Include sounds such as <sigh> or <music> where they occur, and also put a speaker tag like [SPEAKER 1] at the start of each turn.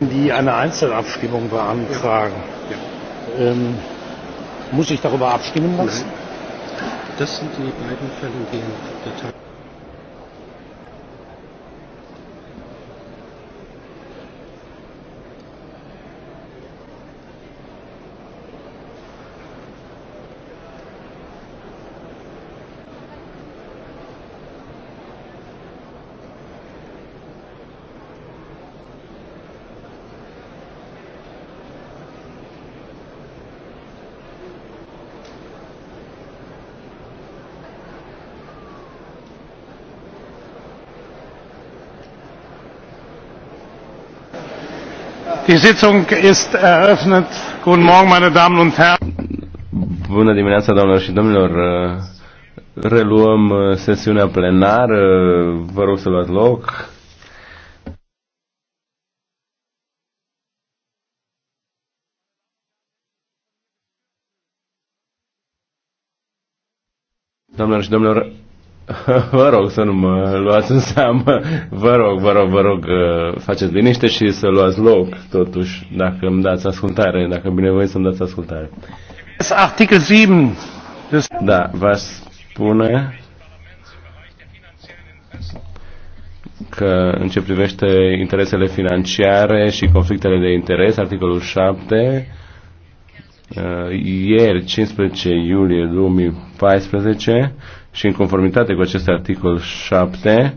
[SPEAKER 1] die eine Einzelabstimmung beantragen. Ja. Ja. Ähm,
[SPEAKER 2] muss ich darüber abstimmen lassen? Nein. Das sind die beiden Fälle, die in der Tat.
[SPEAKER 1] Die Sitzung ist eröffnet. Guten Morgen, meine Damen und Herren.
[SPEAKER 3] Bună dimineața, doamnelor și domnilor. Uh, reluăm uh, sesiunea plenară. Vă rog să luați loc. Doamnelor și domnilor, <laughs> Vă rog să nu mă luați în seamă. Vă rog, vă rog, vă rog, uh, faceți liniște și să luați loc, totuși, dacă îmi dați ascultare, dacă voi să-mi dați ascultare. Articolul 7. Da, vă spune că în ce privește interesele financiare și conflictele de interes, articolul 7, uh, ieri, 15 iulie 2014, și în conformitate cu acest articol 7